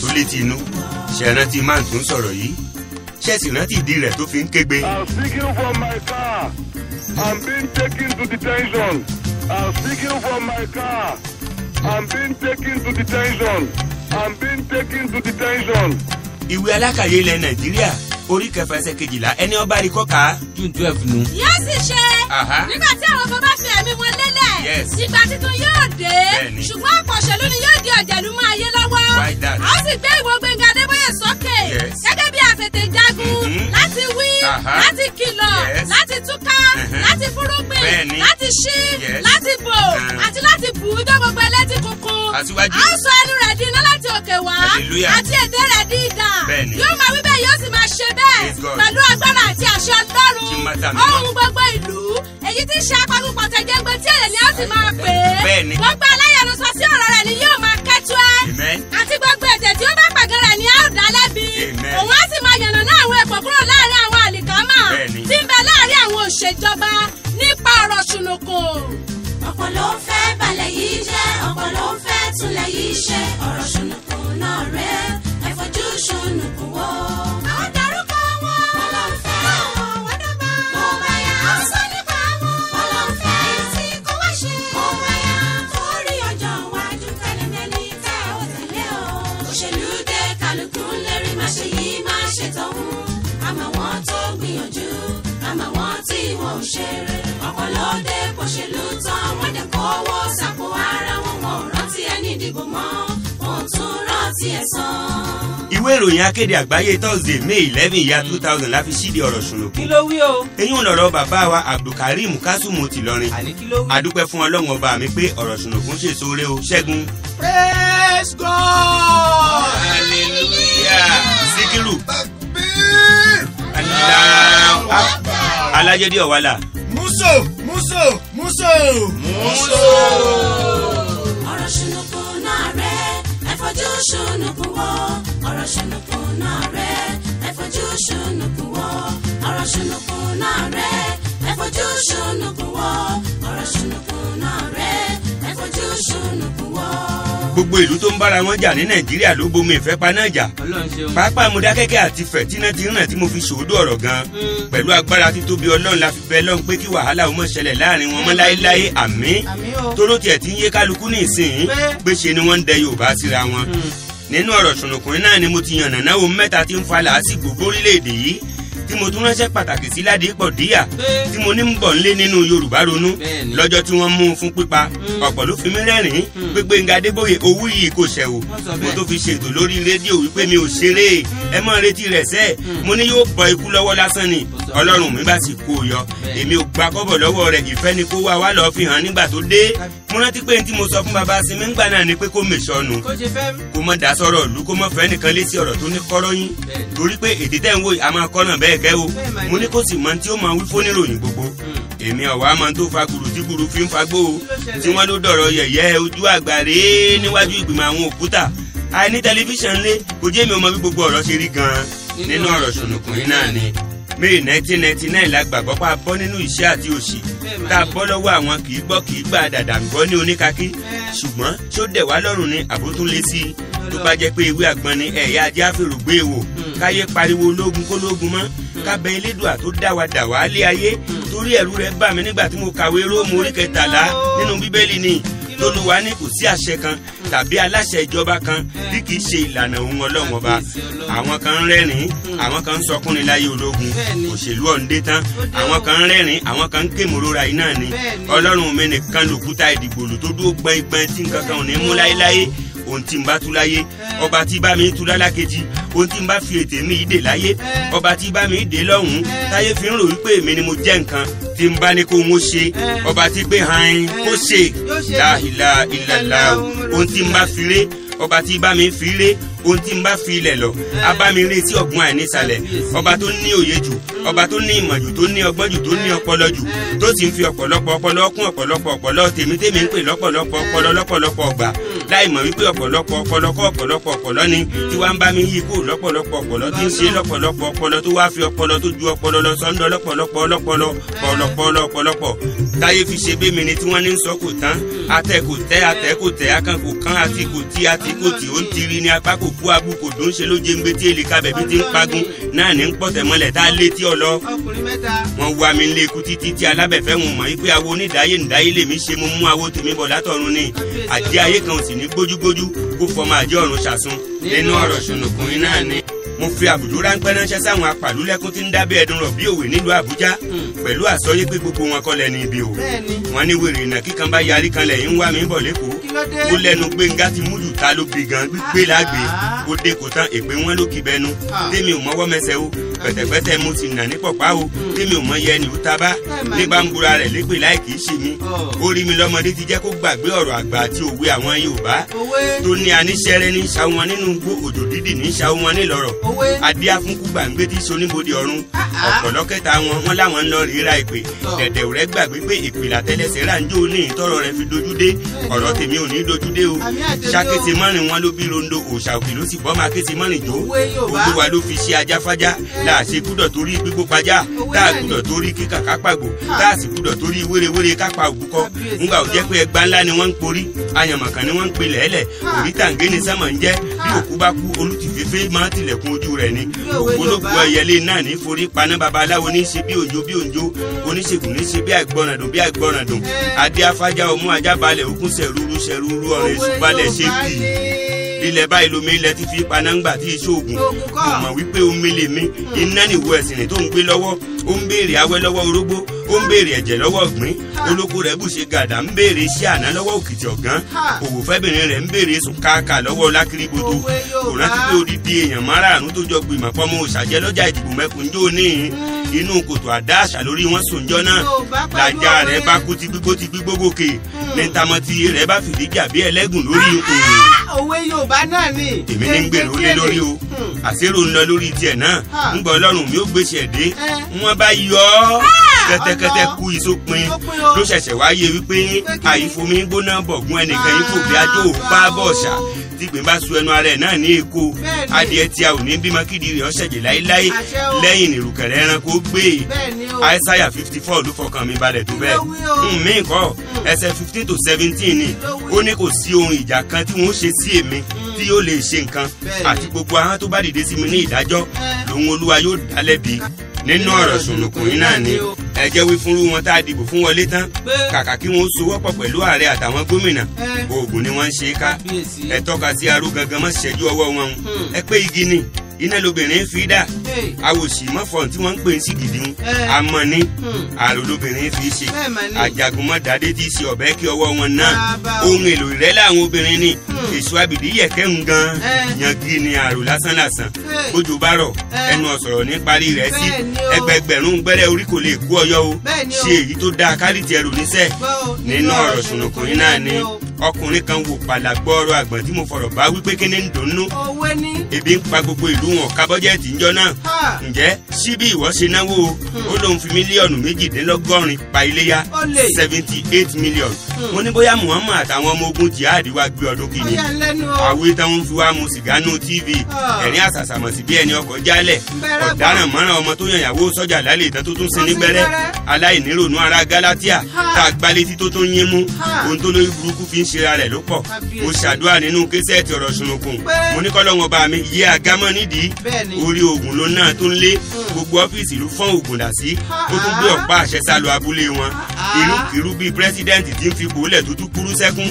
kódà létí inú ṣe rántí máa tó ń sọ̀rọ̀ yìí ṣe sì rántí ìdí rẹ̀ tó fi ń kégbe. I'm speaking from my car. I'm being taken to detention. I'm speaking from my car. I'm being taken to detention. I'm being taken to detention. ìwé alákàyè ilẹ̀ nàìjíríà orí kẹfà ẹsẹ̀ kejìlá ẹni ọba rí kọ́ka june twelve nu. yóò sì ṣe nígbà tí àwọn ọmọ bá fi ẹ̀mí wọn lélẹ̀ ìgbà tuntun yóò dé ṣùgbọ́n àpọ̀ṣẹ̀lú ni yóò di ọ̀jẹ̀lú mọ́ ayé lọ́wọ́ a ó sì gbé ìwọ Gbẹ́ngà Adébóyè sókè gẹ́gẹ́ bí àtètè jagun mm-hmm. láti wí láti kìlọ̀ láti túká láti fúrúgbìn láti ṣí láti bò ah. àti láti bù ú dá gbogbo ẹlẹ́tì kunkun a ó sọ ẹnu rẹ̀ di iná láti òkè wá àti ètè rẹ̀ di idà yóò máa wí bẹ́ẹ̀ yóò sì máa ṣe bẹ́ẹ̀ pẹ̀lú agbára àti àṣẹ ọlọ́run ohun gbogbo ìlú èyí tí ń ṣe apagùpọ̀ tẹ̀jẹ̀gbẹ̀ tí èlé ni ó sì máa pè é gbogbo aláyẹnu sọ sí ọ̀rọ̀ rẹ̀ ni yóò máa kẹ́tù ẹ́ àti gbogbo ètè tí ó bá pàgẹ́rẹ̀ ni á ò dá lẹ́bi òun á sì máa yànnà àwọn ẹ̀kọ́ kúrò l ṣèjọba nípa ọ̀rọ̀ ṣùnùkù. ọ̀pọ̀ ló ń fẹ́ balẹ̀ yìí jẹ́ ọ̀pọ̀ ló fẹ́ túnlẹ̀ yìí ṣe ọ̀rọ̀ ṣùnùkù. ṣe rè ọkọ̀ lóde kò ṣe lù tán wọ́n dẹ̀ kówó sàpò ara wọn wọn rántí ẹni ìdìbò mọ́ wọn tún rántí ẹ̀ sàn ìwé ìròyìn akéde àgbáyé thursday may eleven ya two thousand la fi ṣíde ọ̀rọ̀ ṣùnùkú. kí ló wí o. eyín ò bàbá wa abdulkareem kásùmù ti lọrin. àní kí ló wí. adúpẹ́ fún ọlọ́run ọba mi pé ọ̀rọ̀ ṣùnùkú ń ṣe sóore o ṣẹ́gun. praise god. hallelujah. sikiru. bàbá. aláwọ̀ alájẹdí ọ̀wálà. muso muso muso. muso. ọ̀rọ̀ ṣùnùkù náà rẹ̀ ẹ fojú ṣùnùkù wò ọ̀rọ̀ ṣùnùkù náà rẹ̀ ẹ fojú ṣùnùkù wò ọ̀rọ̀ ṣùnùkù náà rẹ̀ ẹ fojú ṣùnùkù wò ọ̀rọ̀ ṣùnùkù náà rẹ̀ gbogbo ìlú tó ń bára wọn jà ní nàìjíríà ló bomi ìfẹ́ paná jà pápá Mọdákẹ́kẹ́ àti Ifẹ̀ tíná ti ràn tí mo fi ṣòódù ọ̀rọ̀ gan hmm. pẹ̀lú agbára títóbi ọlọ́run la fi bẹ lọ́n pé kí wàhálà ó má ṣẹlẹ̀ láàrin wọn mọ́ láéláé àmín tóró tiẹ̀ ti ń yé kálukú ní ìsìn pé ṣe ni wọ́n ń dẹ Yorùbá síra wọn hmm. nínú ọ̀rọ̀ ṣùnùkùn náà ni mo ti yànnàná ohun mẹ́ta tí ń fa làásìgbò gbórílẹ̀ tí mo tún ránṣẹ́ pàtàkì sí Ládìpọ̀ Díyà tí mo ní ń bọ̀ nílé nínú Yorùbá Ronú lọ́jọ́ tí wọ́n mú un fún pípa hmm. ọ̀pọ̀ ló fi mí rẹ́rìn-ín hmm. gbégbé nga Adébóyè owó yìí kò ṣẹ̀wò mo tó fi ṣètò lórí rédíò wípé mi ò ṣeré hmm. ẹ mọ́ retí rẹ̀ sẹ́ẹ̀ mo ní yóò bọ ikú lọ́wọ́ lásán ni Ọlọ́run mi bá sì kó o yọ èmi ò gba kọ́bọ̀ lọ́wọ́ rẹ̀ ìfẹ́ ni kó wá wá lọ́ọ́ fi hàn nígbà tó dé mo rántí pé ní tí mo sọ fún baba sinmi ńgbà náà ni pé kó mèsọ̀nù kó mọ̀ dá sọ̀rọ̀ ìlú kó mọ̀ fẹ́ nìkan lé sí ọ̀rọ̀ tó ní kọ́rọ́yìn torí pé ètè tẹ̀ ń wò yìí a máa kọ́ náà bẹ́ẹ̀ kẹ̀kẹ́ o mo ní kó sì mọ tí ó máa wí fóníròyìn gbogbo hmm. èmi ọ̀wá máa tó fa kùrù fi ń fagbó o tí wọ́n ló dọ̀rọ̀ yẹ̀yẹ́ ojú àgbà rèé níwájú ìgbìmọ̀ àwọn òkúta àìní tẹlifíṣàn lé kò jẹ́ mi bí gbogbo ọ̀rọ̀ ṣe rí gan-an nínú ọ̀rọ̀ ṣùnùkùn náà ni may nineteen ninety nine la gbàgbọ́ pa bọ́ nínú iṣẹ́ àti òṣì tá a bọ́ lọ́wọ́ àwọn kì í gbọ́ kì í gba dàdà ń gbọ́ ní oníkakí ṣùgbọ́n ṣó dẹ̀ wá lọ́rùn ni àbótún lé sí i tó bá jẹ́ pé ìwé àgbọn ni ẹ̀yà ajé àfèrò gbé e wò hmm. káyé pariwo ológun kólógun mọ́ kábẹ elédùà tó dá wa dà wá lé ayé hmm. torí ẹ̀rù rẹ̀ bà mí nígbà tí mo kàwé róòmù orí hmm. nínú bíbélì ni tólúwa ní kò sí àṣẹ kan tàbí aláṣẹ ìjọba kan bí kì í ṣe ìlànà òun ọlọ́run ọba àwọn kan ń rẹ́rìn-ín àwọn kan ń sọkún láyé ológun òṣèlú ọ̀ǹdé tán àwọn kan ń rẹ́rìn-ín àwọn kan ń kèmòrora iná ni ọlọ́run mi nìkan lòkúta ìdìgbòlù tó dúró gbọ́n tí nǹkan kan ò ní mú láéláé ohun tí n bá tú láyé ọba tí bá mi tu lálákejì ohun tí n bá fi ètè mi dè láyé ọba tí bá mi dè lọ́hùn-ún táyé fi ń rò wípé èmi ni mo jẹ́ nǹkan tí n bá ní kó ń ṣe ọba tí pé hàn kó ṣe láhìlá ìlàlá ohun tí n bá fi ré ọba tí bá mi fi ré ohun tí n bá fi ilẹ̀ lọ abámiré sí ọ̀gbun àìnísàlẹ̀ ọba tó ní òye jù ọba tó ní ìmọ̀ tó ní ọgbọ́n jù tó ní ọpọlọ jù tó sì ń fi ọ̀pọ̀lọpọ̀ ọpọlọ kún ọ̀pọ̀lọpọ̀ ọpọlọ tèmítèmí ń pè lọ́pọ̀lọpọ̀ ọpọlọ lọ́pọ̀lọpọ̀ ọgbà láì mọ̀ wípé ọ̀pọ̀lọpọ̀ ọ̀pọ̀lọpọ̀ ọ̀pọ̀lọpọ̀ ọ̀pọ̀lọ ni tí wàá ń bá mi yí kó lọ́pọ̀lọpọ̀ ọ̀pọ̀lọ tí ń ṣe lọ́pọ̀lọpọ̀ ọ̀pọ̀lọ tó wá fi ọ̀pọ̀lọ tó ju ọ̀pọ̀lọ lọ sọ́ńdọ̀ lọ́pọ̀lọpọ̀ ọ̀pọ̀lọ ọ̀pọ̀lọpọ̀ ọ̀pọ̀lọpọ̀ táyé fi ṣe bẹ́ẹ̀ tí wọ́n ní ń sọ kò tán atẹ kò tẹ atẹ kò tẹ akán kò kán àti kò tí àti kò tí ó ń tiri ní apá kò kú abú kò dùn ṣe ló jẹ ń gbé tí èlé kabẹ̀ bí ti ń pagun náà ní ń pọ̀tẹ̀ mọ́lẹ̀ tá a lé tí ọ lọ. wọ́n wá mi lé ikú títí tí alábẹ̀fẹ́ wọn mọ̀ wípé awo onídàáyé nìdáyé lèmi ṣe mo mú awo tèmi bọ̀ látọ̀run ni àdí ayé kan ò sì ní ní gbójúgbójú kó fọmọ àjẹ́ ọ̀run ṣàsun nínú ọ̀rọ̀ ṣùnùkùn iná ni mo fi àbùdó ráńpẹ́ ránṣẹ́ sáwọn apàlúlẹ́kún tí ń dábẹ́ ẹ̀dùn rọ̀ bí òwe nílùú àbújá hmm. pẹ̀lú àsọyé pé gbogbo wọn kọ́ lẹ́ni ibi o wọn ní wèrè ìnà kíkan bá yarí kan lẹ́yìn ń wá mi bọ̀ lẹ́kọ̀ọ́ ó lẹ́nu gbẹ̀ngà ti múlù ta ló bi gan gbígbé lágbè ah, ah, ah. ó dé kò tán èpè wọn ló kì bẹnu tèmi ò mọwọ́ mẹsẹ̀ o pẹ̀tẹ̀pẹ̀tẹ̀ mo ti nà ní pọ̀pá o hmm. tèmi ò mọ iye ẹni ò tábá nígbà ń bura rẹ̀ lépè láì kìí ṣe mi ó oh. rí mi lọ́mọdé ti jẹ́ kó gbàgbé ọ̀rọ̀ àgbà àti òwe àwọn Yorùbá tó ní aníṣẹ́rẹ́ ní ṣàwọn wọn nínú igbó òjò dídì ní ṣàwọn wọn nílọ̀rọ̀ adé afúnkú gbàǹgbé ti so níbodè ọ̀run ọ̀pọ̀lọ́kẹ́ta wọn wọn láwọn ń lọ ríra ìpè oh. dẹ̀dẹ̀ rẹ̀ gbàgbé pé ìpìlà tẹ́lẹsẹ̀ rà ń jó ní ìtọ́rọ̀ rẹ̀ fi dojú dé ọ̀rọ̀ tèmi ò ní dojú dé o ṣàkété mọ́rin wọn ló bí rondo òòṣà òkè sì bọ́ máa kété mọ́rin jó olúwa ló fi ṣe ajáfájá là á torí gbígbó pajá tá a gbúdọ̀ torí kíkà kápàgbò tá sì gbúdọ̀ torí wérewére kápá òbúkọ ńgbà ò jẹ́ pé ẹgbá ńlá ni wọ́n ń porí ayànmọ̀kàn ni wọ́n ń pe lẹ́lẹ̀ òrítàǹgé ni sámà ń jẹ́ bí òkú bá kú olùtìfẹ́fẹ́ máa tilẹ̀kùn ojú rẹ̀ ni ògbólógbò ẹyẹlé náà ní forí paná babaláwo ní ṣe bí òjò bí òjò oníṣègùn ní ṣe bí àìgbọràn dùn bí àìgbọràn dùn adé afájá ọmú ajábalẹ̀ òkúnṣẹ́ rúrú ṣ ṣẹrú olúwarin ṣùgbọ́n lè ṣe bì ilẹ̀ báyìí lomi ilẹ̀ ti fi panáńgbà tí iṣẹ́ oògùn kò mọ̀ wípé omi lè mi hmm. iná nìwọ ẹ̀sìn tó ń gbé lọ́wọ́ ó ń béèrè awẹ́ lọ́wọ́ orógbó ó ń béèrè ẹ̀jẹ̀ lọ́wọ́ ọ̀gbìn olóko rẹ̀ bùṣe gàdá ń béèrè iṣẹ́ àná lọ́wọ́ òkìtì ọ̀gán òwò fẹ́bìnrin rẹ̀ ń béèrè sùn káàkà lọ́wọ́ lákìrìbòtò kò rántí pé odidi èèyàn márààrún tó jọ gbìmọ̀ pọ́nmọ́ òṣàjẹ́ lọ́jà ìdìbò mẹ́kúnjó níhìn hmm. inú kòtò àdá àṣà lórí wọn sòǹjọ́ náà làjà rẹ̀ bá kú ti gbígbó ti gbígbó gòkè hmm. lẹ́ńtàmọ́tì rẹ̀ bá fìdí jà ẹlẹ́gùn lórí òòrùn òwe yorùbá náà ni. èmi ní gbèrú lé lórí o hmm. àṣírò ń lọ lórí tiẹ̀ náà ń gbọ́ ọlọ́run mi ò gbèsè dé wọ́n bá yọ ọ́ kẹ́tẹ́kẹ́tẹ́ kú ìsópin ló ṣẹ̀ṣẹ̀ wáyé wípé àyífomi gbóná bọ̀gún ẹnìkan yìí kò bí ajó òun bọ̀ ṣá tí gbìn bá su ẹnu ara ẹ̀ náà ní èkó adìẹ tí a ò ní bímọ kídi rẹ̀ ọ̀ṣẹ̀jẹ̀ láéláé lẹ́yìn nìrùkẹ̀rẹ̀ ẹranko gbé aísáyà fifty four ló fọkàn mi balẹ̀ tó bẹ́ẹ̀ hmm, mí kọ́ hmm. ẹsẹ̀ fifteen to seventeen ni ó ní kò sí ohun ìjà kan tí wọ́n ṣe sí èmi hmm. tí yóò lè ṣe nǹkan àti gbogbo ahọ́n tó bá dìde sí mi ní ìdájọ́ eh. lòun olúwa yóò dá lẹ́bi nínú ọ̀rọ̀ sùnùkùn yín náà ni ẹ jẹ́ wí fúnrú wọn tá a dìbò fún wọlé tán kàkà kí wọ́n sowọ́pọ̀ pẹ̀lú ààrẹ àtàwọn gómìnà oògùn ni wọ́n ń ṣe ká ẹ tọ́ka sí arú gangan mọ́ ṣẹ́jú ọwọ́ wọn hmm. ẹ pé igi ni iná lobìnrin fi dà awòsì mọ́fọ̀n tí wọ́n ń pè ń sì gidi ń amọ̀ ni eh. àlòlóbìnrin hmm. fi ṣe àjàgùnmọ̀dádé ti ṣe ọ̀bẹ kí ọwọ́ wọn náà ah, ohun èlò rẹ̀ làwọn obìnrin ni hmm. èso abìdí yẹ̀kẹ́ ń gan eh. yangi ni àrò lásán lásán bójú bá eh. ẹnu ọ̀sọ̀rọ̀ ní parí rẹ̀ sí ẹgbẹgbẹ̀rún gbẹ́rẹ́ orí kò lè kú ọyọ́ o ṣe èyí tó dáa kárìtì ẹrù níṣẹ́ nínú ọ̀rọ̀ ṣùnùkùnrin náà ni ọkùnrin kan wò pàlàgbọ́ ọ̀rọ̀ àgbọ̀n tí mo fọ̀rọ̀ bá wípé kíní ń dùnnú ebi ń pa gbogbo ìlú wọn ká bọ́jẹ́ẹ̀tì ńjọ́ náà ǹjẹ́ síbí ìwọ ṣe náwó o hmm. ó lóun fi mílíọ̀nù méjìdínlọ́gọ́rin pa iléyà seventy eight million hmm. mo ní bóyá muhammad àtàwọn ọmọ ogun jihad wá gbé ọdún kìíní àwé táwọn fi wá mu sìgá nù tv ẹ̀rín àṣàṣàmọ̀sí bí ẹni ọkọ̀ jálẹ̀ ọ̀daràn mọ́ràn ọmọ tó yànyàwó sọ́jà lálẹ́ ìtàn tó tún sin ní gbẹ́rẹ́ aláìníròónú ara galatia tá a gbá létí tó tó ń yé mú ohun tó lórí burúkú fi ń ṣera rẹ̀ ló pọ̀ mo ṣàdúrà nínú késẹ́ẹ̀tì ọ̀rọ̀ mi yé agámọ́ nídìí orí oògùn tóun náà tó ń lé gbogbo ọ́fíìsì ló fọ́n ògùndà sí ó tún gbé ọ̀pá àṣẹ sálọ abúlé wọn irúkirú bíi pírẹ́sídẹ́ǹtì tí ń fi bòólẹ̀ tó tún kúrú sẹ́kún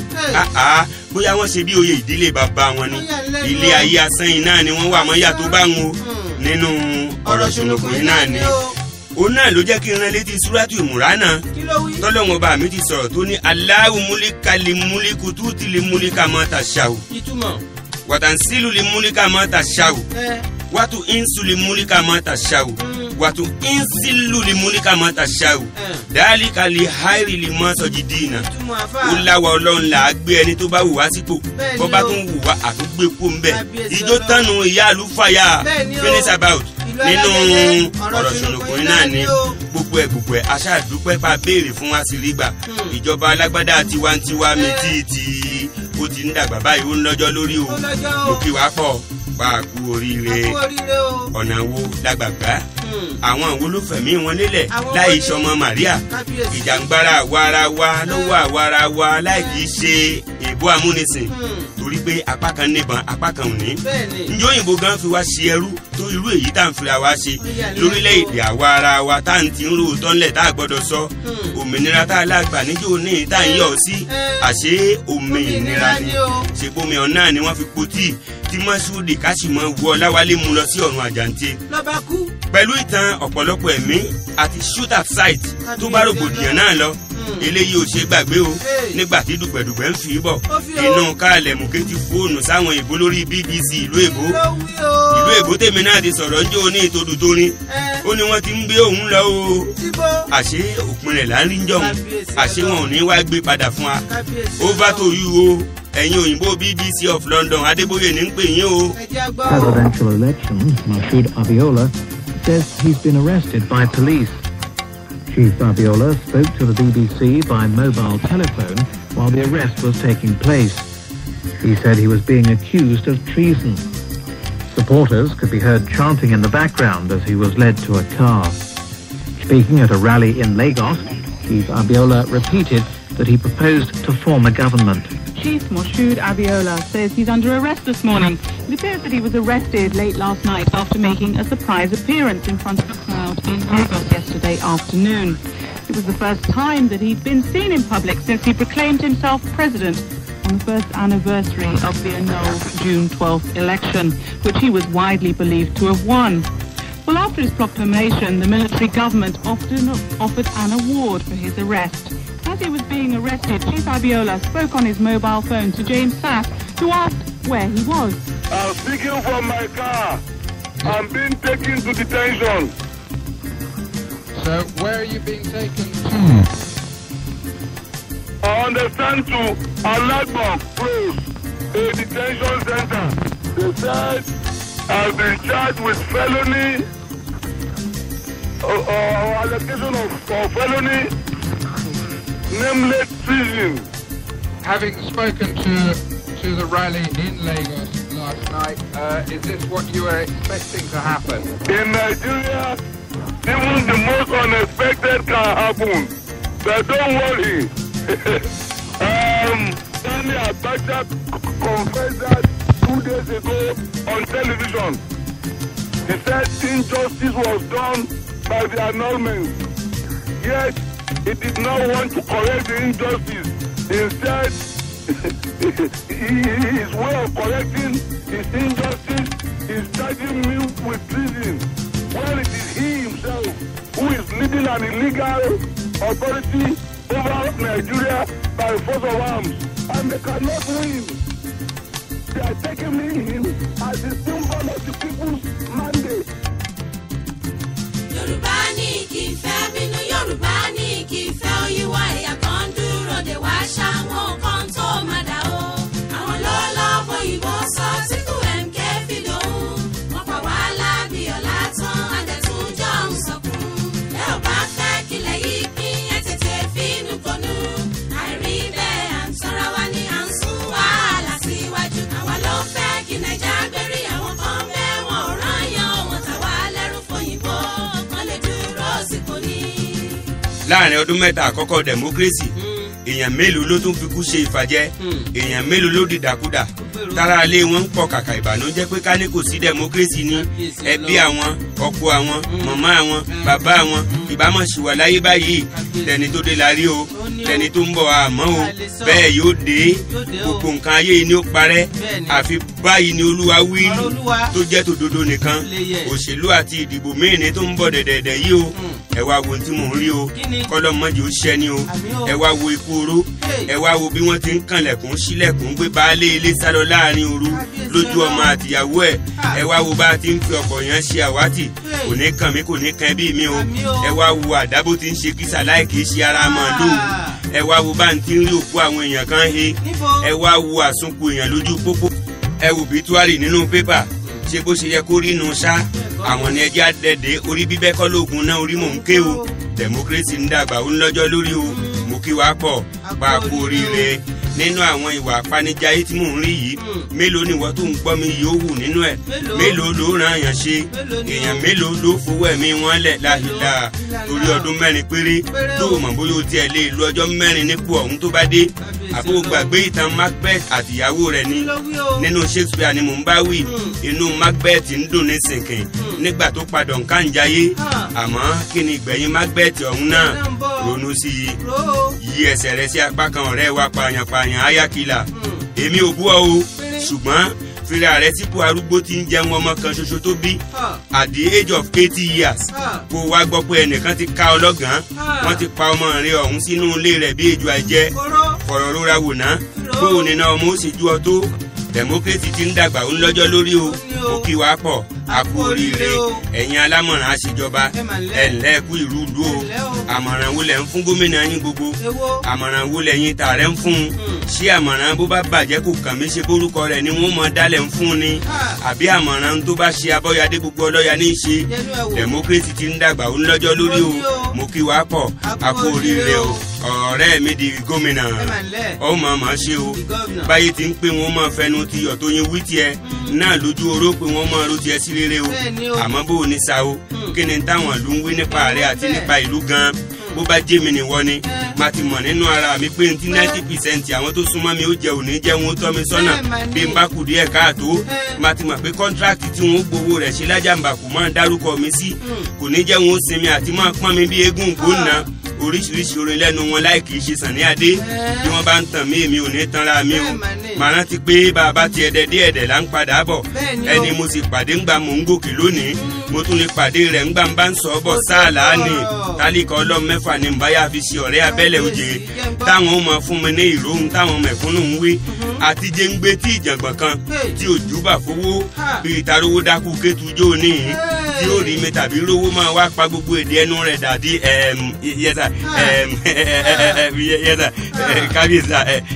bóyá wọ́n ṣe bí oyè ìdílé bàbá wọn ni ilé ayé asán yìí náà ni wọ́n wà mọ́ yàtọ̀ bá wọn o nínú ọ̀rọ̀ ṣùnùkùn náà ni òun náà ló jẹ́ kí n rán létí súrátù ìmúránà tọ́lọ́wọ́n bá mi ti sọ̀rọ̀ tó ní aláwùmúlíkà lè watu insu limulika shau, mm. watu insilu limulika matashau shau. lè kali lè mọ jidina, ó láwa ọlọ́run là á gbé ẹni tó bá wù wá sípò bó bá tún wù wá àtúgbé kú ń bẹ̀ ìjó tánu ìyá àlùfáyà finish about nínú ọ̀rọ̀ ṣùnùkùnrin náà ni gbogbo ẹ̀ gbogbo ẹ̀ aṣáàdúpẹ́ pa béèrè fún wa sí rí gbà hmm. ìjọba alágbádá tiwantiwa mi tíì eh. tí ó ti ń dàgbà báyìí ó ń lọ́jọ́ lórí o òkè wá pọ̀ pa àkú oríire ọ̀nà wo lágbàgbá hmm. àwọn àwọn olùfẹ̀mí wọn lélẹ̀ láì sọmọ Màríà ìjàngbara àwa ara wa lọ́wọ́ àwa ara wa láì kìí ṣe òyìnbó amúnisìn hmm. torí pé apá kan níbọn apá kan ò ní òyìnbó gan fi wá ṣe ẹrú tó irú èyí tá n fira wa ṣe lórílẹ̀‐èdè àwa ara wa tá n ti ń ro tọ́lẹ̀ tá a gbọ́dọ̀ sọ hmm. òmìnira tá a lágbà níjó ní tá n yọ̀ sí eh, eh. àṣé òmìnira ni ṣègbómi ọ̀nà ni wọ́n fi po tíì tí mọ́ṣúrì kásìmọ́ wọ ọláwálé mu lọ sí ọ̀run àjàǹtí. pẹ̀lú ìtàn ọ̀pọ̀lọpọ̀ ẹ̀mí àti shoot at sight tó bá rògbòdìyàn náà lọ eléyìí ò ṣe gbàgbé o nígbà tí dùgbẹ̀dùgbẹ̀ ń fi bọ̀ inú káàlẹ̀mù kejì fóònù sáwọn èbó lórí bbc ìlú èbó ìlú èbó tèmi náà ti sọ̀rọ̀ ńjẹ́ oní ìtòdù torin ó ní wọ́n ti ń gbé òun lọ o àṣé òpin rẹ̀ là ń rí àṣé wọn ò ní wá gbé padà fún wa over to you o ẹ̀yin òyìnbó bbc of london adébóyè ní ń pè yín o. presidential election mashood abiola says he's been arrested by police. Chief Abiola spoke to the BBC by mobile telephone while the arrest was taking place. He said he was being accused of treason. Supporters could be heard chanting in the background as he was led to a car. Speaking at a rally in Lagos, Chief Abiola repeated that he proposed to form a government. Chief Moshood Abiola says he's under arrest this morning. It appears that he was arrested late last night after making a surprise appearance in front of a yesterday afternoon. It was the first time that he'd been seen in public since he proclaimed himself president on the first anniversary of the annulled June 12th election, which he was widely believed to have won. Well, after his proclamation, the military government often offered an award for his arrest. As he was being arrested, Chief Abiola spoke on his mobile phone to James Sass, who asked where he was. I'm speaking from my car. I'm being taken to detention. So where are you being taken to? I understand to Alagbon close, a detention center. They said I've been charged with felony or, uh, uh, or allegation of or felony, namely treason. Having spoken to to the rally in Lagos last night, uh, is this what you were expecting to happen? In Nigeria, even the most unexpected can happen. But don't worry. um, Stanley Abacha confessed that two days ago on television. He said injustice was done by the annulment. Yet, he did not want to correct the injustice. Instead, his way of correcting his injustice is charging me with treason. Well, it is he himself who is leading an illegal authority over Nigeria by force of arms. And they cannot win. They are taking him as the symbol of the people's mandate. Yorùbá ní kì í fẹ́ bínú Yorùbá ní kì í fẹ́ òyìnbó ẹ̀yà kan dúró de wá ṣáwọn kan. láàrin ọdún mẹ́ta àkọ́kọ́ democracy hmm. èèyàn mélòó ló tún fikú ṣe ìfàjẹ́ hmm. èèyàn mélòó ló dìdàkudà tára ilé wọn ń pọ̀ kàkà ìbànújẹ́ pé ká ní kò sí democracy ní ẹbí àwọn ọkọ àwọn mọ̀mọ́ àwọn hmm. bàbá àwọn ìbámu ṣùwà láyé báyìí tẹni tó dé la rí o tẹni tó ń bọ̀ àmọ́ o bẹ́ẹ̀ yóò dé gbogbo nǹkan ayé yìí ni ó parẹ́ àfi báyìí ni olúwa wí tó jẹ́ tòdodo nìkan òṣèlú àti ìdìbò mẹ́rin tó ń bọ̀ dẹ̀dẹ̀dẹ̀ yìí o ẹ wá wo tí mò ń rí o kọlọ́mọdé ó ṣẹ́ni o ẹ wá wo ikú oró ẹ wá wo bí wọ́n ti ń kànlẹ̀kùn sílẹ̀kùn gbé baálé ilé sálọ láàrin òru lójú ọmọ àtìyàwó ẹ̀ ẹ wo bá a ti ń fi ọkọ̀ yẹn ṣe àwátì kò ní kàn mí kò ní kan ẹbí mi o ẹ wá wo àdábò ti ń ṣe kísà láì kìí ṣe ara màálù ẹ wá wo bá ń ti rí òkú àwọn èèyàn kan he ẹ wá wo àsunkù èèyàn lójú pópó ẹ wò bìtúárì nínú pépà ṣé bó ṣe yẹ kó rí inú ṣá àwọn ni ẹjẹ àdẹdẹ orí bíbẹ́ kọ́ lóògùn náà orí mò ń ké o democracy ń dàgbà ó ń lọ́jọ́ lórí o mo kí wa pọ̀ pa kú oríire nínú àwọn ìwà apanijayé tí mò ń rí yìí hmm. mélòó ni ìwọ tó ń gbọ́ mi yóò wù nínú ẹ̀ mélòó ló ràn yàn ṣe èèyàn mélòó ló fowó ẹ̀mí wọn lẹ̀ láhìlá torí ọdún mẹ́rin péré tó o mọ̀ bóyá o tiẹ̀ lè lo mẹ́rin nípò ọ̀hún tó bá dé àbúrò gbàgbé ìtàn macbeth àtìyàwó rẹ̀ ni nínú shakespeare ni mò ń bá wí hmm. inú macbeth ń dùn ní sìnkìn hmm. nígbà tó padà ń kànjáyé àmọ́ kí ni ìgbẹ̀yìn macbeth ọ̀hún náà ronú sí i yí ẹsẹ̀ rẹ sí apá kan ọ̀rẹ́ wa pààyàn-pààyàn ayakila hmm. èmi ò bú ọ o ṣùgbọ́n fira rẹ sípò arúgbó tí ń jẹun ọmọ kan ṣoṣo tó bí at the age of eighty years kó wá gbọ́ pé ẹnìkan ti ká ọlọ́gàn wọ́n ti pa ọmọ rẹ ọ̀hún sínú ilé rẹ̀ bí ejò àìjẹ́ fọ̀rọ̀ rora wò ná fóònù náà mo sì ju ọ democracy ti ń dàgbà ó ń lọ́jọ́ lórí o ó wa pọ̀ àkú oríire ẹ̀yin alámọ̀ràn àṣejọba ẹ̀ ǹlẹ́ kú ìlú ìlú o àmọ̀ràn wo lẹ̀ ń fún gómìnà yín gbogbo àmọ̀ràn wo lẹ̀yin tààrẹ ń fún un hmm. ṣé àmọ̀ràn bó bá bàjẹ́ kò kàn mí ṣe bórúkọ rẹ̀ ni wọ́n mọ̀ dálẹ̀ ń fún ni àbí àmọ̀ràn tó bá ṣe abọ́yadé gbogbo ọlọ́ya ní í ṣe democracy ti ń dàgbà ó ń lọ́jọ́ lórí o mo kí wa pọ̀ àkú oríire o ọ̀rẹ́ mi di gómìnà ó máa máa ṣe o báyìí ti ń pè wọ́n máa fẹnu ti ọ̀tọ̀ yẹn wí tiẹ̀ hmm. náà lójú oró pé wọ́n máa ro tiẹ̀ sí sí rere o àmọ́ bó o ní sa o hmm. kí ni táwọn ìlú ń wí nípa rẹ àti nípa ìlú gan hmm. bó bá jẹ́ mi nìwọ ni má ti mọ̀ nínú ara mi pé ní ti ninety percent àwọn tó súnmọ́ mi ó jẹ òní jẹ́ wọn ó tọ́ mi sọ́nà bí n bá kù díẹ̀ káàtó má ti mọ̀ pé kọ́ńtrákì tí wọ́n gbowó rẹ̀ ṣe lájàmbá kò máa dárúkọ mi sí hmm. kò ní jẹ́ wọn ó sinmi àti máa pọ́n mi bí eégún gbóná. Ah oríṣiríṣi orin lẹ́nu wọn láì kì í ṣe Sàní Adé bí wọ́n bá ń tàn mí èmi ò ní tanra mi o màá rántí pé bàbá ti ẹ̀dẹ̀ dé ẹ̀dẹ̀ là ń padà bọ̀ ẹni mo sì pàdé ńgbà mò ń gòkè lónìí mo tún lè pàdé rẹ̀ ńgbà ń bá ń sọ bọ̀ sáàlà ni tálíkà ọlọ́run mẹ́fà ni mbáyà fi ṣe ọ̀rẹ́ abẹ́lẹ̀ oje táwọn ọmọ fún mi ní ìròhùn táwọn mẹ̀kúnnù ń wí àti jẹ́ngbé tí ìjàngbọ̀n kan tí òjú bà fowó bí ìtarówó dákú kétu jó níyìn tí ó rí mi tàbí rówó máa wá pa gbogbo èdè ẹnu rẹ̀ dàbí ẹ̀ẹ́m kábíyèsí kábíyèsí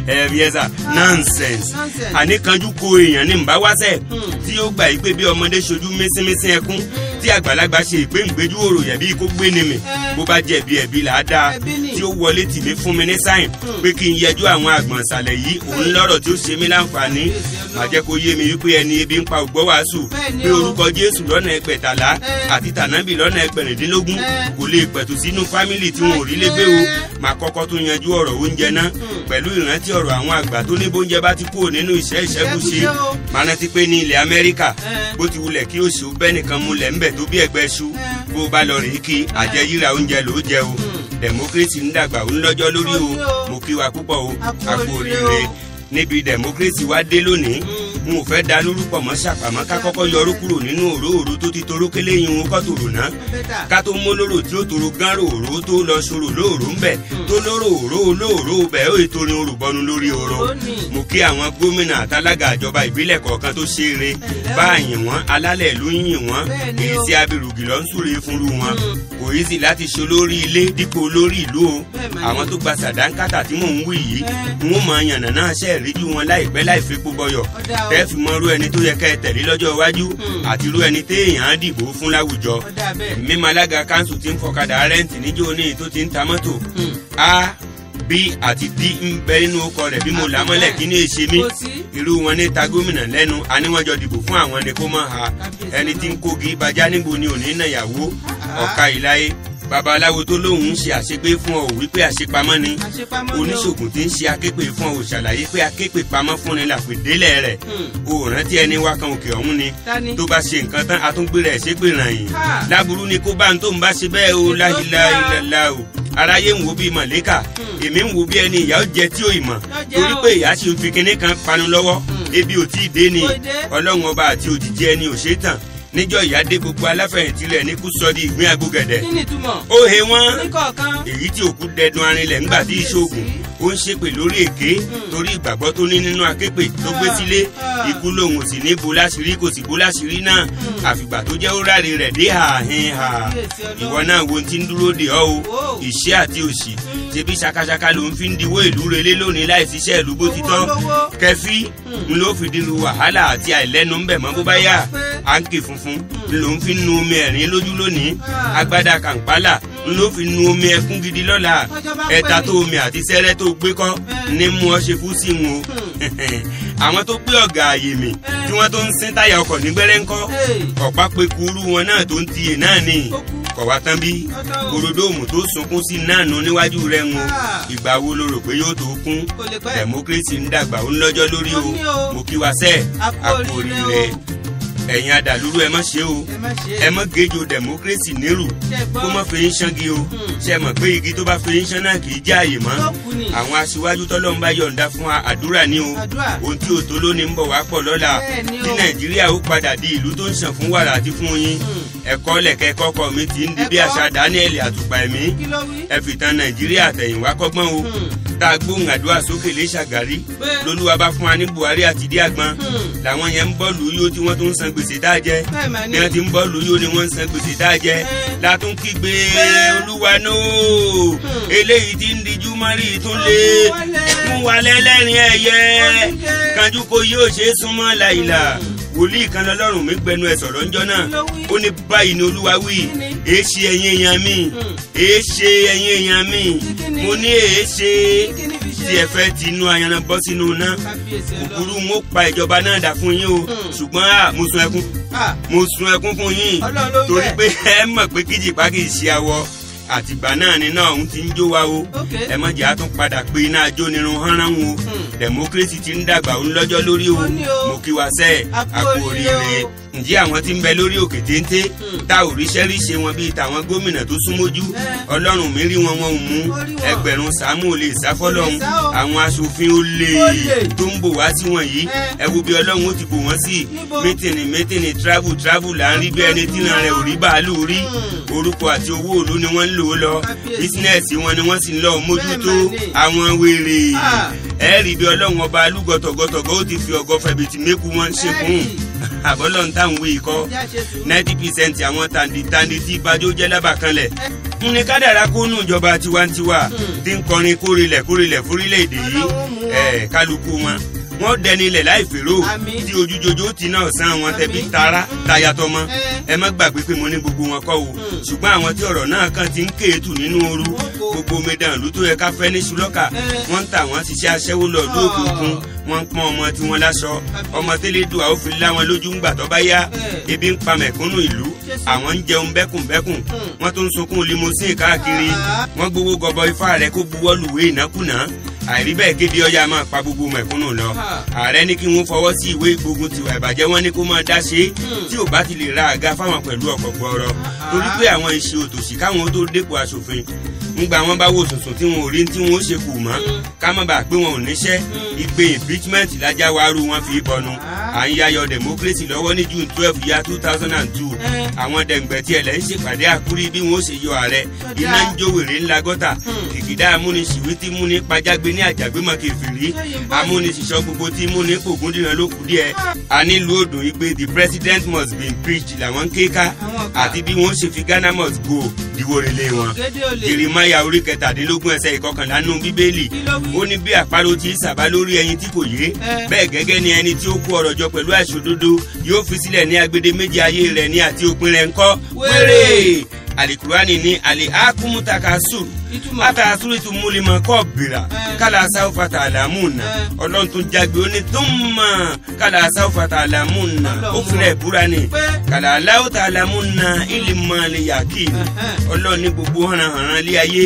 eh, eh, nonsense àníkanjú ko èèyàn ní nbá wáṣẹ hmm. tí ó gbà yí pé bí ọmọdé ṣojú mísínmísín ẹkún tí àgbàlagbà ṣe ìpéǹgbéjú òròyìn bí kò gbé ni mi eh. bó bá jẹ̀bi ẹ̀bi là á dáa tí ó wọlé tìlé fún mi ní sáyìn hmm. pé kí n yẹjú àwọn àgbọ̀nsalẹ̀ yìí òun lọ́rọ̀ tí ó ṣe mí láǹfààní màá jẹ́ kó yé mi wípé ẹni ebi ń pa ògbọ́ wàásù pé orúkọ jésù lọ́nà ẹgbẹ̀tàlá eh. àti tànábì lọ́nà ẹgbẹ̀rìndínlógún eh. kò lè pẹ̀tù sínú fámìlì tí wọn ò rí lébé o màá kọ́kọ́ tún yanjú ọ̀rọ̀ oúnjẹ náà hmm. pẹ̀lú ìrántí ọ̀rọ̀ àwọn àgbà tó ní bóúnjẹ bá ti kúrò nínú ìṣẹ́ ìṣẹ́kùṣe màá rántí pé ní ilẹ̀ amẹ́ríkà eh. bó ti wulẹ̀ kí òṣù bẹ́nìkan mulẹ̀ ńbẹ̀ tó bí ẹgbẹ́ ṣu bó bá lọ rèé kí àjẹyíra oúnjẹ ló jẹ o. Hmm democracy ń dàgbà ó ń lọ́jọ́ lórí o mo kí wa púpọ̀ o a kú níbi democracy wa dé lónìí. Mm n ò fẹ́ da lórúkọ mọ́ ṣàpàmọ́ ká kọ́kọ́ yọrú kúrò nínú òróòró tó ti toró kélé yín wọn kọ́ tòrò ná ká tó mọ́ lóró tí ó toro gán ròòró tó lọ sòrò lóòró ń bẹ̀ tó lóró òró lóòró bẹ̀ ó ètò orin olùbọnu lórí ọ̀rọ̀ mo kí àwọn gómìnà àtàlágà àjọba ìbílẹ̀ kọ̀ọ̀kan tó ṣe eré bá àyìn wọn alálẹ̀ ló ń yìn wọn èyí tí abirùgì lọ ń súre fúnru wọn kò yí sí láti ṣe olórí ilé dípò olórí ìlú o àwọn tó gba sàdánkátà tí mò ń wí yìí n ó mọ yànnà náà ṣẹ́ẹ̀ríjú wọn láìpẹ́ láìfipó bọyọ̀ tẹ́ fi mọ irú ẹni tó yẹ ká ẹ tẹ̀lé lọ́jọ́ iwájú hmm. àti irú ẹni téèyàn á dìbò fún láwùjọ mímọ alága kanṣu ti ń fọkadà rẹ́ǹtì níjó ní tó ti ń ta mọ́tò hmm. a b àti d ń bẹ nínú ọkọ rẹ̀ bí mo là kí ní èṣe mi irú wọn ní ta gómìnà lẹ́nu aníwọ̀njọ dìbò fún àwọn ni kó mọ̀ ha ẹni tí ń kógi bàjá níbo ni òní nàyàwó ah, ah. ọ̀ka ìláyé babaláwo tó lóun ń ṣe àṣegbé fún ọ wípé àṣepamọ́ ni oníṣègùn tí ń ṣe akéèpé fún ọ ṣàlàyé pé akéèpé pamọ́ fúnni làpèdélẹ̀ rẹ̀ hmm. o rántí ẹni wá kan òkè ọ̀hún ni tó bá ṣe nǹkan tán atúngbé rẹ̀ ṣégbè ràn yín láburú ni kó bá ń tó ń bá ṣe bẹ́ẹ̀ o láhìláhìlá o aráyé ń wo bíi mọ̀lẹ́kà hmm. èmi ń wo bí ẹni ìyá ó jẹ tí ó ì torí pé ìyá sì fi kinní kan panu lọ́wọ́ hmm. ebi ò tí ì dé ni ọlọ́run ọba àti òjìji ẹni ò ṣe é níjọ́ ìyáde gbogbo aláfẹ̀yìntilẹ̀ ní kú sọ di ìgbín agbógẹ̀dẹ̀. kí ni ìtumọ̀. ó he wọn. ní kọ̀ọ̀kan. èyí tí òkú dẹdun arinlẹ̀ ńgbà tí ìṣòògùn ó ń ṣépè lórí èké hmm. torí ìgbàgbọ́ tó ní nínú aképè tó gbé hmm. sílé hmm. ikú lòun ò sì ní bo láṣìírí kò sì bo láṣìírí náà àfìgbà tó jẹ́ óráre rẹ̀ dé hàhín hà ìwọ náà wo ti ń dúró dè ọ́ o ìṣẹ́ àti òṣì ṣebí ṣakaṣaka ló ń fi ń diwó ìlú relé lónìí láì ṣiṣẹ́ ìlú bó ti tọ́ kẹfí n ló fìdí ru wàhálà àti àìlẹ́nu ń bẹ̀ mọ́ bó bá yà àǹkì funfun n ló ń fi nu omi ẹ̀rín lójú lónìí agbádá kàǹpálà n ló fi nu omi ẹkún gidi lọ́la ẹ̀ta tó omi àti sẹ́rẹ́ tó tó gbé kọ́ ní mú ọ ṣe fún sí mu o hmm. àwọn tó gbé ọ̀gá àyè mi hmm. tí wọ́n tó ń sin táyà ọkọ̀ nígbẹ́rẹ́ ńkọ́ ọ̀pá pe kúrú wọn náà tó ń tiyè náà ni kọ̀ wá tán bí kòròdóòmù tó sunkún sí náà níwájú rẹ̀ ń o ah. ìgbà wo ló rò pé yóò tó kún democracy ń dàgbà ó ń lọ́jọ́ lórí o mo kí wa sẹ́ẹ̀ àpò oríire ẹ̀yin adàlúrú ẹ má ṣe o ẹ má géjo democracy nírù kó má fi ń ṣangi o hmm. ṣe mọ̀ pé igi tó bá fi ń ṣan náà kì í jẹ́ àyè mọ́ àwọn aṣíwájú tọ́lọ́run bá yọ̀ǹda fún àdúrà ni o ohun tí òtó ló ń bọ̀ wá pọ̀ lọ́la ní nàìjíríà ó padà di ìlú tó ń ṣàn fún wàrà àti fún oyin hmm ẹ̀kọ́ lẹ̀kẹ́ kọ́kọ́ mi ti ń di bí àṣà Daniel àtùpà ẹ̀mí ẹ fi tan Nàìjíríà àtẹ̀yìnwá kọ́gbọ́n o hmm. tá a gbóhùn àdúrà sókè lé Ṣàgárí lolúwa bá fún wa ní Buhari àti Díàgbọn hmm. làwọn yẹn ń bọ́ọ̀lù yóò tí wọ́n tún ń san gbèsè tá a jẹ ní wọ́n ti ń bọ́ọ̀lù yóò ni wọ́n ń san gbèsè tá a jẹ látún kígbe olúwa náà hmm. eléyìí ti ń dijú mọ́rí tún lé fún wa lẹ́lẹ́rìn ẹ̀yẹ kanjú kò yóò ṣe é súnmọ́ làyìlà wòlíì kan lọ́lọ́run mi gbẹnu ẹ sọ̀rọ̀ ńjọ́ náà ó ní báyìí ni olúwa wí èé ṣe ẹ̀yin èèyàn mi èé ṣe ẹ̀yin èèyàn mi mo ní èé ṣe tí ẹ fẹ́ ti inú ayanran bọ́ sínú iná kúkúrú n pa ìjọba náà dà fún yín o ṣùgbọ́n mo sun ẹkún mo sun ẹkún fún yín torí pé ẹ mọ̀ pé kìjìpá kì í ṣe awọ àtìgbà náà ni náà òun ti ń jó wa o ẹ má jẹ́ àtún padà pé iná ajó hánrán o hmm. democracy ti ń dàgbà òun lọ́jọ́ lórí o mo kí wa sẹ́ẹ̀ àkú oríire ǹjẹ́ àwọn tí ń bẹ lórí òkè téńté hmm. tá ò ríṣẹ́ rí ṣe wọn bíi tàwọn gómìnà tó súnmójú hmm. ọlọ́run mi rí wọn wọn ò mú ẹgbẹ̀rún sàmú ò lè sá fọ́lọ́run àwọn aṣòfin ó lè tó ń bò wá sí wọ̀nyí eh. ẹ wo bí ọlọ́run ó ti bò wọ́n sí mítìnì mítìnì travel travel là ń rí bí ẹni tí ìran rẹ̀ ò rí bàálù rí hmm. orúkọ àti owó òlú ni wọ́n ń lò ó lọ bísínẹ́sì wọn ni wọ́n sì ń lọ mójútó àwọn wèrè ah. ẹ rí ọlọ́run ọba alúgọ̀tọ̀gọ̀tọ̀gọ̀ ó ti fi ọ̀gọ́ fẹ̀bìtì wọn ṣe fún un. àbọ̀lọ́n táwọn wí kọ́ ninety percent àwọn tàǹdìtàǹdì tí bàjọ́ jẹ́ lábàkanlẹ̀ eh. n ní kádàrá kó nù ìjọba tiwantiwa hmm. tí ń kọrin kórìlẹ̀ kórìlẹ̀ fórílẹ̀ èdè yìí eh, kálukú wọn wọ́n dẹni ilẹ̀ láì fèrò tí ojújojo ti náà san wọn tẹbi tara táyà tọmọ ẹ má gbàgbé pé mo ní gbogbo wọn kọ́ o hmm. ṣùgbọ́n àwọn tí ọ̀rọ̀ náà kàn ti ń kéètù nínú ooru gbogbo omidan ìlú tó yẹ ká fẹ́ ní ṣùlọ́kà wọ́n ń tà wọ́n ṣiṣẹ́ aṣẹ́wó lọ lóògùn ah. òkun wọ́n ń pọ́n ọmọ tí wọ́n láṣọ ọmọ tẹ́lẹ̀ dùn àwọn òfin láwọn lójú ńgbà tó bá yá ebi ń pa mẹ̀kúnnù ìlú àwọn ń jẹun bẹ́kùnbẹ́kùn hmm. wọ́n tó ń sunkún limousine káàkiri ah. wọ́n gbowó gọbọ ifá rẹ kó buwọ́ lùwé ìnákùná àìrí bẹ́ẹ̀ kéde ọjà máa pa gbogbo mẹ̀kúnnù lọ ààrẹ ní kí wọ́n fọwọ́ sí ìwé ìgbógun tiwa ìbàjẹ́ wọn ní kó máa dá ṣe hmm. tí ò bá ti lè ra àga fáwọn pẹ̀lú ọkọ̀ gbọ́rọ̀ ah. torí pé àwọn ìṣe òtòṣì káwọn tó dépò aṣòfin ngbà wọn bá wò sùnsùn tí wọn ò rí tí wọn ó ṣe kù mọ́ hmm. ká má bàa pé wọn ò níṣẹ́ hmm. ìgbé impeachment lájà wàrú wọn fi bọnu ah. à ń yayọ democracy lọ́wọ́ ní june twelve ya two thousand and two eh. àwọn dẹ̀ǹgbẹ̀tì ẹ̀lẹ́ ń ṣèpàdé àkúrí bí wọn ó ṣe yọ ààrẹ iná ń jó wèrè ńlá gọ́tà jìgìdá amúnisìwé tí múni pajágbe ní àjàgbémọ̀kè fìrí amúnisìṣọ́ gbogbo tí múni pògùndínlọ́lókùdíẹ̀ a nílùú odò igbe the president must be impeached làwọn ń ké ká àti bí wọ́n ṣe fi ghana must go diwo relé wọn jeremaya orí kẹtàdínlógún ẹsẹ̀ ìkọkànlá nù bíbélì ó ní bí àparò ti sàbá lórí ẹyin tí kò yé bẹ́ẹ̀ gẹ́gẹ́ ni ẹni tí ó kó ọ̀rọ̀ jọ pẹ̀lú àìṣòdodo yóò fi sílẹ̀ ní agbede méjì ayé rẹ̀ ní àti òpin rẹ̀ ńkọ́ wéré alikurani ni ali akumutakasuru atakasuru tun mulima kọ bira kala sawufa ta alamu na ọlọ́run tún jagbe ó ní tún kala sawufa ta alamu na ó fúnra ìbúra ni kala aláwọ ta alamu na ìlímọ̀ lè yà kí ni ọlọ́run ní gbogbo hànàhànà lé ayé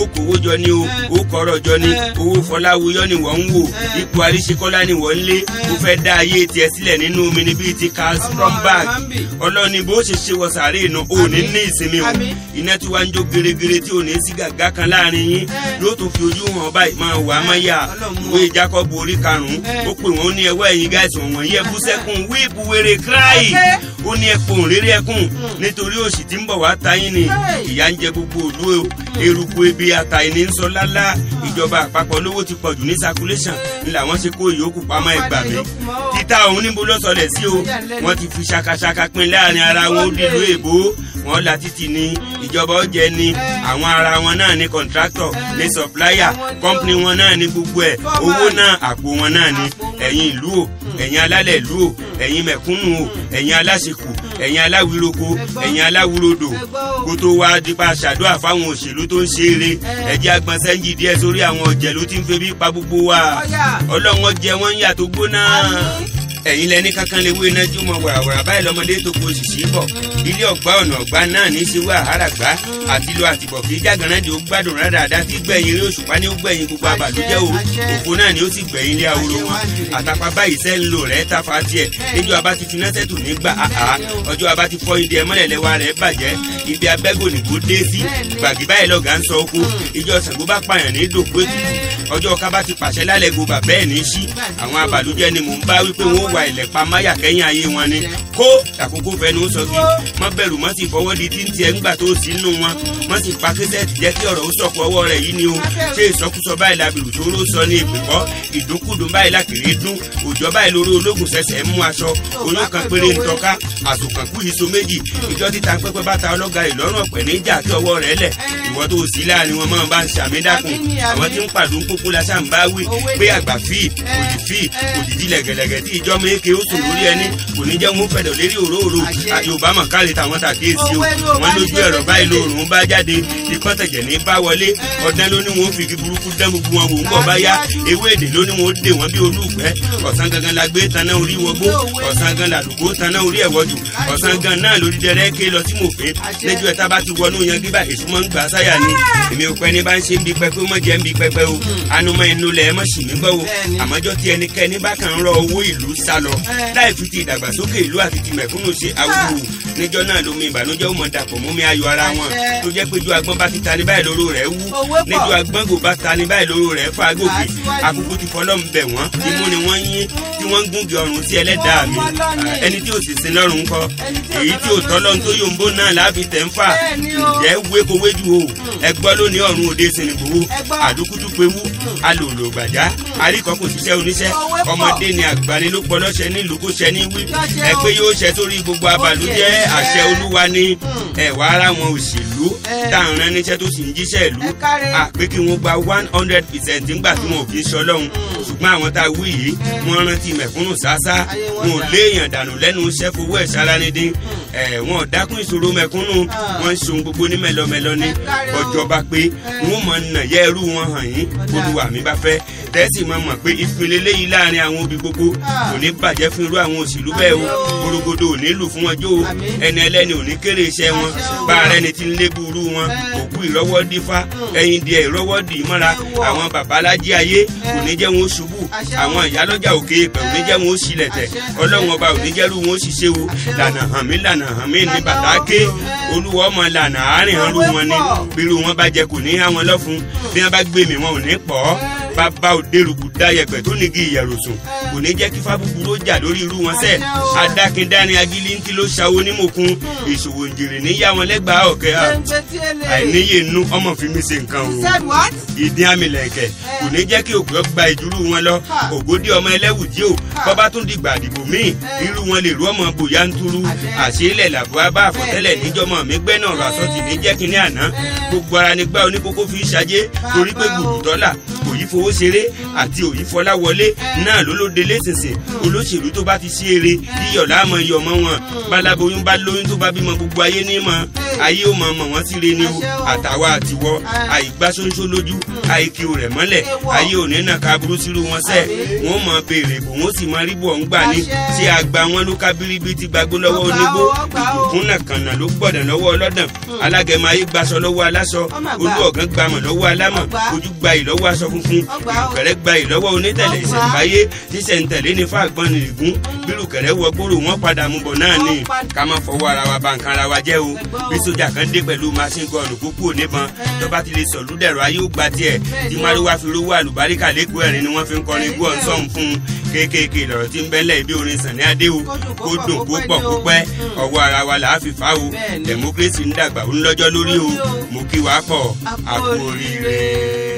okòwò jọ ni o okòrò jọ ni owó fọláwuyọ ni wọ́n ń wò ipò àríṣekọ́lá ni wọ́n ń lé o fẹ́ dá ayé tiẹ̀ sílẹ̀ nínú omi ni bíi ti Karl Stromberg ọlọ́run ní bó ṣe ṣe wọ sàárè nu òní ní ìsinmi o iná tí wàá ń jó geregere tí òní sí gàgá kan láàrin yín yóò tún fi ojú hàn báyìí máa wà á máa yà ìwé Jacob orí karùn-ún ó pè wọ́n ní ẹwọ́ ẹ̀yìn gáàsì wọ̀nyí ẹ̀bùsẹ̀kùn wíìpù wèrè kíráì ó ní ẹ̀pọ̀ òréré ẹ̀kùn nítorí òṣì tí ń bọ̀ wá tayín ni ìyà ń jẹ gbogbo òlú eruku ebi àtàìní ń sọ lálá ìjọba àpapọ̀ lówó ti pọ̀jù ní circulation ni làwọn ṣe kó ìyókù pamọ́ ẹgbà mi títà òun níbo lọ́sọ̀lẹ̀ sí o wọ́n ti fi ṣakaṣaka pín láàrin ara wọn ó èbó wọ́n la títì ni ìjọba ọ̀jẹ̀ ni àwọn ara wọn náà ni kọ̀ǹtráktọ̀ ni sọ̀pláyà kọ́ńpìnì wọn náà ni gbogbo ẹ̀ owó náà àpò wọn náà ni ẹ̀yin ìlú o ẹ̀yin alálẹ̀ ìlú o ẹ̀yin mẹ̀kúnnù o ẹ̀yin aláṣekù ẹ̀yin aláwíroko ẹ̀yin aláwúrodò kó tó wá dípa ṣàdúrà fáwọn òṣèlú tó ń ṣe eré ẹ̀jẹ̀ agbọn sẹ́ńjì díẹ̀ sórí àwọn ọ̀jẹ̀ ló ti ń febi pa gbogbo wa ọlọ́run jẹ wọ́n ń yà gbóná ẹ̀yin lẹni kankan lè wé nájú mọ wàràwàrà báyìí lọ́mọdé tó kó sì sí bọ̀ ilé ọ̀gbá ọ̀nà ọ̀gbá náà ní sí wà àràgbá àti lọ àtìbọ̀ kí jágànnájì ó gbádùn rádaràdá tí gbẹ̀yìn eré òṣùpá ní ó gbẹ̀yìn gbogbo àbàdújẹ́ o òfo náà ni ó sì gbẹ̀yìn ilé ahoro wọn àtàpá báyìí sẹ́ ń lò rẹ̀ tafa tiẹ̀ níjọ́ abá ti finá sẹ́tù nígbà àhá ọjọ́ abá ti fọ́ ìdí ẹmọ́lẹ̀ lẹ́wà rẹ̀ bàjẹ́ wa ilẹ̀ pamáyà kẹ́yìn ayé wọn ni kó àkókò fẹnu sọ kí mọ bẹ̀rù mọ sì fọwọ́ di tí ń tiẹ̀ ńgbà tó sí nù wọn mọ sì pa kẹsẹ̀tì jẹ́ kí ọ̀rọ̀ ó ọwọ́ rẹ̀ yìí ni o ṣé ìsọkúsọ báyìí labìrù tó ró sọ ní ìpìkọ́ ìdúnkùdùn báyìí lákèrè dún òjò báyìí lórí ológun ṣẹ̀ṣẹ̀ mú aṣọ oyún kan péré ń tọ́ka àsùnkànkú yìí so méjì ìjọ títa pẹ́pẹ́ bá ta ọlọ́ga ìlọ́rùn ọ̀pẹ̀ ní kí ọwọ́ rẹ̀ lẹ̀ ìwọ tó sí láàrin wọn máa bá ń ṣàmì dákun àwọn tí ń pàdún kúkú ọmọ èké ó sùn lórí ẹni kò ní jẹ́ mú fẹ̀dọ̀ lérí òróòro yorùbá mọ̀ káre tàwọn ṣàkíyèsí o wọn lójú ẹ̀rọ báyìí lóòrùn bá jáde ìpọ́n ní bá wọlé ọ̀dán ló ní wọn fi burúkú dán gbogbo wọn wò ń bá yá ewé èdè ló ní wọn ó dè wọn bí olúùpẹ́ ọ̀sán gangan la gbé taná orí wọgbó ọ̀sán gan làdùkú taná orí ẹ̀wọ́dù ọ̀sán gan náà lórí dẹrẹ́ ké lọ sí mòfé lẹ́jọ́ ẹ̀ta bá ti wọnú yan gíba èso ń gbà sáyà ni èmi ò pẹ́ ní bá ń ṣe ń bi pẹpẹ ó jẹ́ ń bi pẹpẹ o hmm. anumọ̀ inú lẹ̀ ẹ̀ mọ̀ sì mí gbọ́ o àmọ́jọ́ tí ẹnikẹ́ni bá kàn ń rọ owó ìlú s sá lọ eh. láì fi ti ìdàgbàsókè ìlú àti ti mẹ̀kúnnù ṣe àwùjọ ah. níjọ́ náà lomi ìbànújẹ́ ó mọ̀ dàpọ̀ mú mi ayọ̀ ara wọn tó jẹ́ pé ju agbọ́n bá ti ta báyìí lóró rẹ̀ wú níjọ agbọ́n kò bá ta báyìí lóró rẹ̀ fa gòkè àkókò ti fọlọ́mù bẹ̀ wọ́n eh. imú ni wọ́n yín tí wọ́n ń gúngi ọrùn sí ẹlẹ́dàá mi ah, ẹni tí ò sì sin lọ́rùn ńkọ èyí tí ò tọ́lọ́ tó yòǹbó náà láàbì tẹ̀ ń fà ǹjẹ́ wékowéjú o hmm. ẹgbọ́ lónìí ọ̀run òde sinigbowó àdókútú pewú alòlò gbàjá àríkọ́ kò ṣiṣẹ́ oníṣẹ́ ọmọdé ni àgbànilópọ̀ lọ́ṣẹ nílùú kò ṣẹ ní wí ẹ yóò ṣẹ torí gbogbo abàlújẹ́ àṣẹ olúwa ni ẹ̀wà ara wọn òṣèlú tá à ń rán níṣẹ́ tó sì ń jíṣẹ́ ìlú àpé kí wọ́n gba one hundred percent ńgbà tí wọn ò fi ṣọ ṣùgbọ́n àwọn tá a wí yìí wọ́n rántí mẹ̀kúnnù sáásá wọn ò léèyàn dànù lẹ́nu iṣẹ́ fowó ẹ̀ ṣaranidín ẹ̀ wọn ò dákún ìṣòro mẹ̀kúnnù wọ́n ń ṣohun gbogbo ní mẹ́lọmẹ́lọ ni ọjọba pé wọ́n mọ̀ ń wọn hàn yín olúwa mi bá fẹ́ tẹ́sí mọ̀ mọ̀ pé ìpínlẹ̀ léyìí láàrin àwọn òbí gbogbo kò ní bàjẹ́ fún irú àwọn òṣèlú bẹ́ẹ̀ o gbòrògbòdò ò ní lù fún wọn jó o ẹni ẹlẹ́ni ò ní kéré iṣẹ́ wọn bá ara ẹni tí ń lé burú wọn òkú ìrọ́wọ́ dífá ẹyin díẹ̀ ìrọ́wọ́ dì í mọ́ra àwọn babalájí ayé kò ní jẹ́ wọn ó ṣubú àwọn ìyálọ́jà òkè ìpẹ́ ò ní jẹ́ wọn ó ṣilẹ̀ tẹ̀ ọlọ́run ọba ò ní jẹ́rú wọn ó ṣiṣẹ́ o lànà hàn mí lànà hàn mí ní bàtàkè olúwa ọmọ lànà àárín hàn rú wọn ni bí irú wọn bá jẹ kò ní hàn wọn lọ́fun bí wọn bá gbé mi wọn ò ní pọ̀ Oh. bàbá òderugu dáyẹpẹ tó nígi ìyẹ̀rọ̀sùn kò ní jẹ́ kí fábúburú jà lórí irú wọn sẹ́ adákindárin agilíńkì ló ṣàwo nímòkun ìṣòwò njèrè níyà wọn lẹ́gbàá ọ̀kẹ́ àìníye inú ọmọ fi mi ṣe nǹkan o ìdí amìlẹ̀kẹ̀ kò ní jẹ́ kí òkú gba ìdúró wọn lọ ògòdì ọmọ ẹlẹ́wù jí o bọ́bá tún dìgbà àdìbò míì eh. irú wọn lè rú ọmọ bòyá ń túrú àṣeélẹ̀ làbúrá bá eh. àfọ̀tẹ́lẹ̀ níjọmọ mi gbẹ́nà ọ̀rọ̀ àsọtì ní jẹ́kínní àná eh. gbogbo ara nígbà oníkókó fi ń ṣajé torí pé gbùdù dọ́là kò yí fo fowó ṣeré àti òyì fọláwọlé náà ló ló olóṣèlú tó bá ti ṣe eré yíyọ̀ láàmọ̀ mọ́ wọn balaboyún bá lóyún tó bá bímọ gbogbo ayé ní mọ́ ayé ò mọ̀ mọ̀ wọ́n sí re o àtàwa àtiwọ́ àìgbásóńsó lójú àìkí rẹ̀ mọ́lẹ̀ ayé ò ní nà ká burú sírú wọn sẹ́ wọn mọ̀ béèrè bò wọn sì mọ rí bò gbà ní ṣé àgbà wọn ló ká bíríbí ti gbàgbó lọ́wọ́ onígbó ìbùkún nàkànnà ló gbọ̀dọ̀ lọ́wọ́ ọlọ́dàn alágẹ̀mọ ayé gbaṣọ lọ́wọ́ aláṣọ olú ọ̀gán gbamọ̀ lọ́wọ́ alámọ̀ ojú gbayì lọ́wọ́ aṣọ funfun bírùkẹ̀rẹ̀ gba ìlọ́wọ́ onítẹ̀lẹ̀ ìṣẹ̀ǹbáyé tíṣẹ̀ǹtẹ̀lé ní fáàgbọ́n nìgún bírùkẹ̀rẹ̀ wọ gbòòrò wọn padà mú bọ̀ náà ni ká má fọwọ́ ara wa ba nǹkan ara wa jẹ́ o bí sójà kan dé pẹ̀lú machine gun kúkú oníbọn tó bá ti lè sọ̀lú dẹ̀rọ ayé ó gba tiẹ̀ tí mariwa fi rówó àlùbáríkà lẹ́kọ̀ọ́ ẹ̀rín ni wọ́n fi ń kọrin gbọ́ ọ̀nsọ́n fún un kéékèèké lọ̀rọ̀ tí ń bẹ́lẹ̀ ibi orin sànni adé o kó dùn kó pọ̀ kó pẹ́ hmm. ọwọ́ ara wa là á fi fà o democracy ń dàgbà ó ń lọ́jọ́ lórí o mo kí wa pọ̀ àkú oríire.